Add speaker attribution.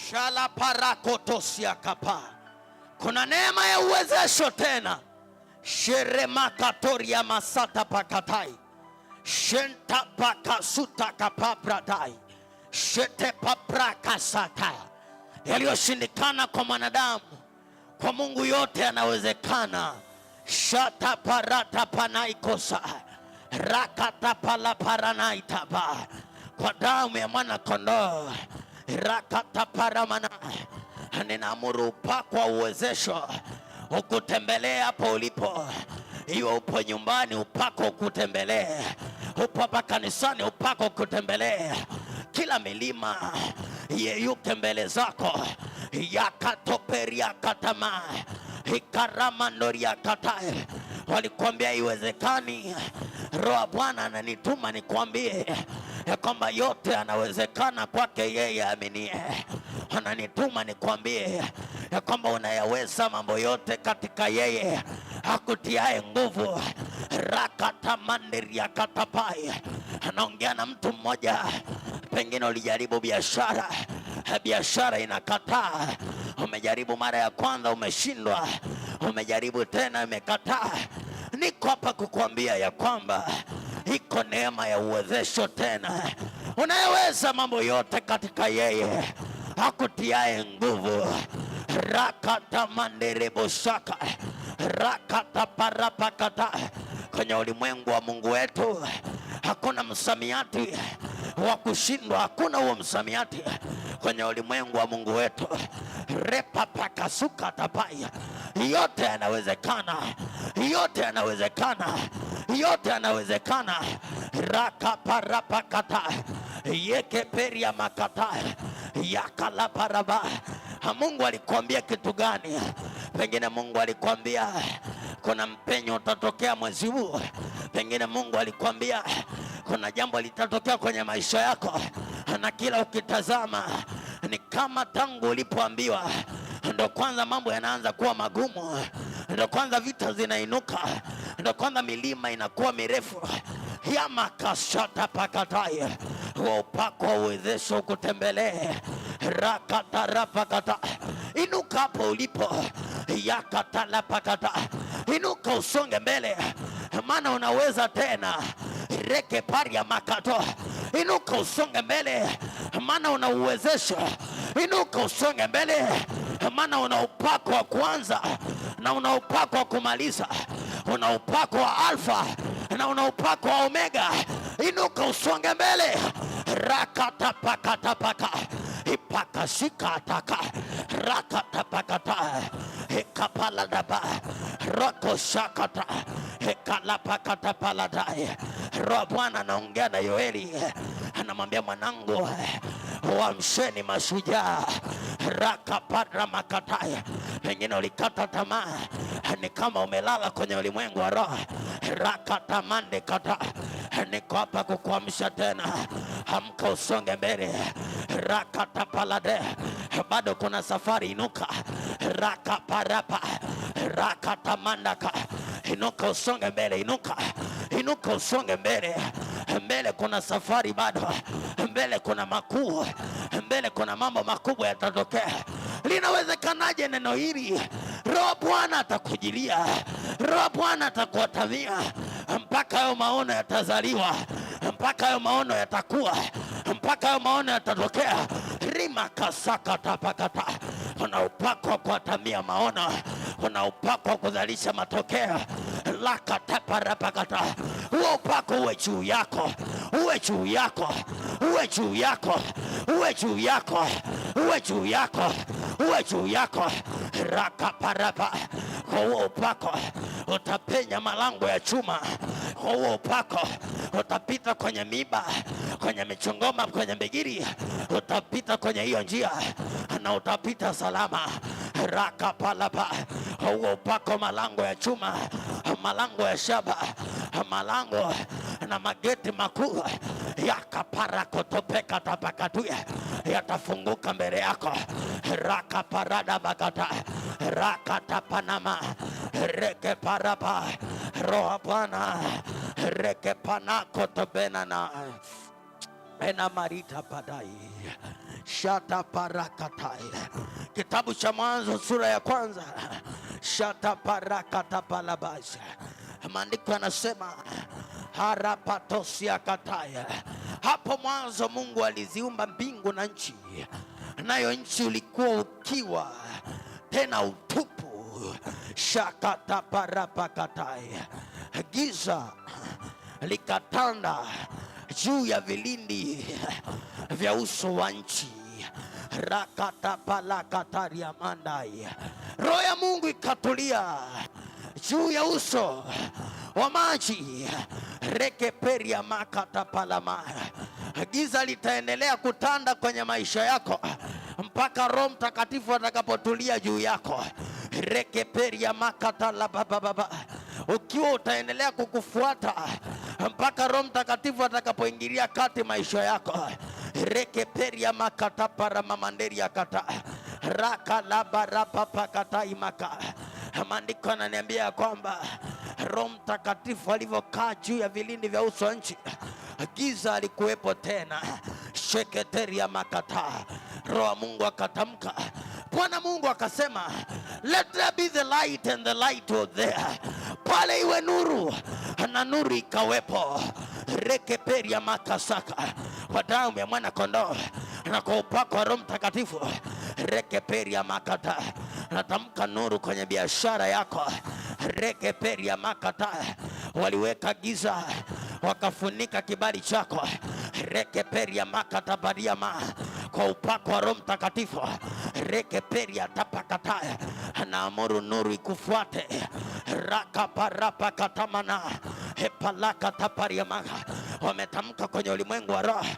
Speaker 1: shalaparakotosia kapa. Kuna neema ya uwezesho tena sheremakatoria masata pakatai shenta pakasuta kapapradai shete Yaliyoshindikana kwa mwanadamu, kwa Mungu yote yanawezekana. shata parata panaikosa rakata kwa damu ya mwana kondoo rakataparamana. Ninaamuru upako wa uwezesho ukutembelee hapo ulipo, iwe upo nyumbani, upako ukutembelee, upo hapa kanisani, upako ukutembelee. Kila milima yeyuke mbele zako, yakatoperiakatama katama hikarama ndoria Walikwambia iwezekani? Roho Bwana ananituma nikwambie ya kwamba yote yanawezekana kwake yeye aminie. Ananituma nikwambie ya kwamba unayaweza mambo yote katika yeye akutiae nguvu. rakata katapai. anaongea na mtu mmoja, pengine ulijaribu biashara, biashara inakataa. Umejaribu mara ya kwanza, umeshindwa. Umejaribu tena, imekataa. Niko hapa kukuambia ya kwamba iko neema ya uwezesho tena, unayeweza mambo yote katika yeye akutiaye nguvu. rakata rakata parapakata. Kwenye ulimwengu wa Mungu wetu hakuna msamiati wa kushindwa, hakuna huo msamiati kwenye ulimwengu wa Mungu wetu. repa pakasuka tapaya, yote yanawezekana, yote yanawezekana yote yanawezekana. rakaparapakata yekeperia makata yakalaparaba. Mungu alikuambia kitu gani? Pengine Mungu alikuambia kuna mpenyo utatokea mwezi huu. Pengine Mungu alikuambia kuna jambo litatokea kwenye maisha yako, na kila ukitazama ni kama tangu ulipoambiwa ndo kwanza mambo yanaanza kuwa magumu, ndo kwanza vita zinainuka ndio kwanza milima inakuwa mirefu yamakashatapakatai wa upako wa uwezesho ukutembelee rakatarapakata inuka hapo ulipo yakatalapakata inuka usonge mbele maana unaweza tena reke pari ya makato inuka usonge mbele maana una inuka usonge mbele maana una upako wa kuanza na una upako wa kumaliza una upako wa Alfa na una upako wa Omega. Inuka usonge mbele rakatapakatapaka ipakashikataka rakatapakata ikapaladaba rakoshakata ikalapakatapaladai roa Bwana anaongea na Yoeli, anamwambia mwanangu, wamsheni mashujaa rakapadra makataya, pengine ulikata tamaa ni kama umelala kwenye ulimwengu wa roho rakatamande kata. Niko hapa kukuamsha tena, amka usonge mbele rakatapalade. Bado kuna safari, inuka rakaparapa rakatamandaka. Inuka usonge mbele, inuka inuka usonge mbele. Mbele kuna safari bado, mbele kuna makuu, mbele kuna mambo makubwa yatatokea. Linawezekanaje neno hili Roho Bwana atakujilia, Roho Bwana atakuatamia mpaka hayo maono yatazaliwa, mpaka hayo maono yatakuwa, mpaka hayo maono yatatokea. rima kasakatapakata una upako wa kuatamia maono, una upako wa kuzalisha matokeo. laka taparapakata huo upako uwe juu yako, uwe juu yako, uwe juu yako, uwe juu yako, uwe juu yako uwe juu yako rakaparapa. Kwa huo upako utapenya malango ya chuma, kwa huo upako utapita kwenye miba, kwenye michongoma, kwenye migiri, utapita kwenye hiyo njia na utapita salama rakapalapa. Kwa huo upako malango ya chuma, malango ya shaba, malango na mageti makuu yakaparakotopeka tapakatuya yatafunguka mbele yako parada bagata reke rekeparapa roha bwana ena marita padai shata parakatai kitabu cha Mwanzo sura ya kwanza shata parakatapalabasha maandiko yanasema harapatosiakataya hapo mwanzo Mungu aliziumba mbingu na nchi nayo nchi ulikuwa ukiwa tena utupu, shakataparapakatai. Giza likatanda juu ya vilindi vya uso wa nchi, rakatapalakatariamandai. Roho ya Mungu ikatulia juu ya uso wa maji rekeperia makatapalama. Giza litaendelea kutanda kwenye maisha yako mpaka Roho Mtakatifu atakapotulia juu yako. rekeperia makatala bababa, ukiwa utaendelea kukufuata mpaka Roho Mtakatifu atakapoingilia kati maisha yako. rekeperia makata para ya kata raka laba rapa pakata imaka. Maandiko ananiambia kwamba Roho Mtakatifu alivyokaa juu ya vilindi vya uso nchi, giza alikuwepo tena. sheketeria makata Roho wa Mungu akatamka, Bwana Mungu akasema, let there be the light and the light was there, pale iwe nuru na nuru ikawepo. rekeperia makasaka kwa damu ya mwana kondoo na kwa upako wa Roho Mtakatifu rekeperia makata natamka nuru kwenye biashara yako rekeperia makata. Waliweka giza wakafunika kibali chako rekeperia makata bariama kwa upako wa Roho Mtakatifu rekeperia tapakataya naamuru nuru ikufuate rakaparapakatamana hepalaka tapariamaga wametamka kwenye ulimwengu wa roho.